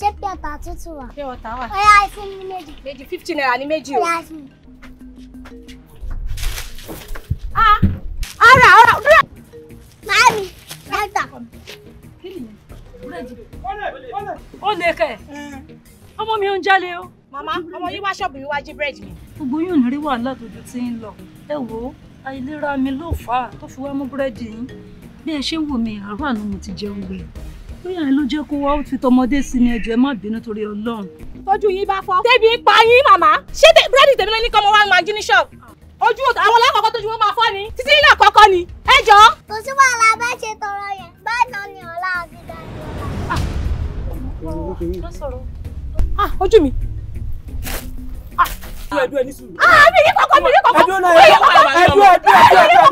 ṣé pé ọ̀tà tútù wà. pé ọ̀tà wà. ọ̀yà àìsàn ní méjì. méjì fifty naira ní méjì o. ọ̀yà àìsàn. a ara ara dúró. màámi dáta. ó lè kẹ ọmọ mi ò ń jalè o. màmá ọmọ yín wá ṣọ́ọ̀bù yín wá jí búrẹ́dì mi. gbogbo yóò ní rí wàhálà tójú tí ń lọ ẹ wò ó àìlera mi ló fà á tó fi wá mú búrẹ́dì yín bí ẹ ṣe ń wò mí àárọ̀ àná mo ti jẹun gbẹ̀yìn bóyá ẹ ló jẹ́ kó wá ó fi tọmọdé sí ni ẹjọ́ ẹ má bínú torí ọlọ́run. tọ́jú yín bá fọ́. tẹ́bi ń pa yín màmá ṣé búrẹ́dì tèmi lẹ́ni kọ́mọ wa máa jí ní ṣọ́ọ̀bù. ojú àwọn lákọ̀ọ́kọ́ tójú wọn máa fọ́ ni títí nílẹ̀ àkọ́kọ́ ni ẹ jọ. kò sí wàhálà bá ṣe tọrọ yẹn báyìí ni ọ̀la àti dàdí ọ̀la. Ah, ah, ojú mi ẹdun ẹni sùn. ẹdun ẹni sùn ẹdun ẹni sùn ẹdun ẹni sùn.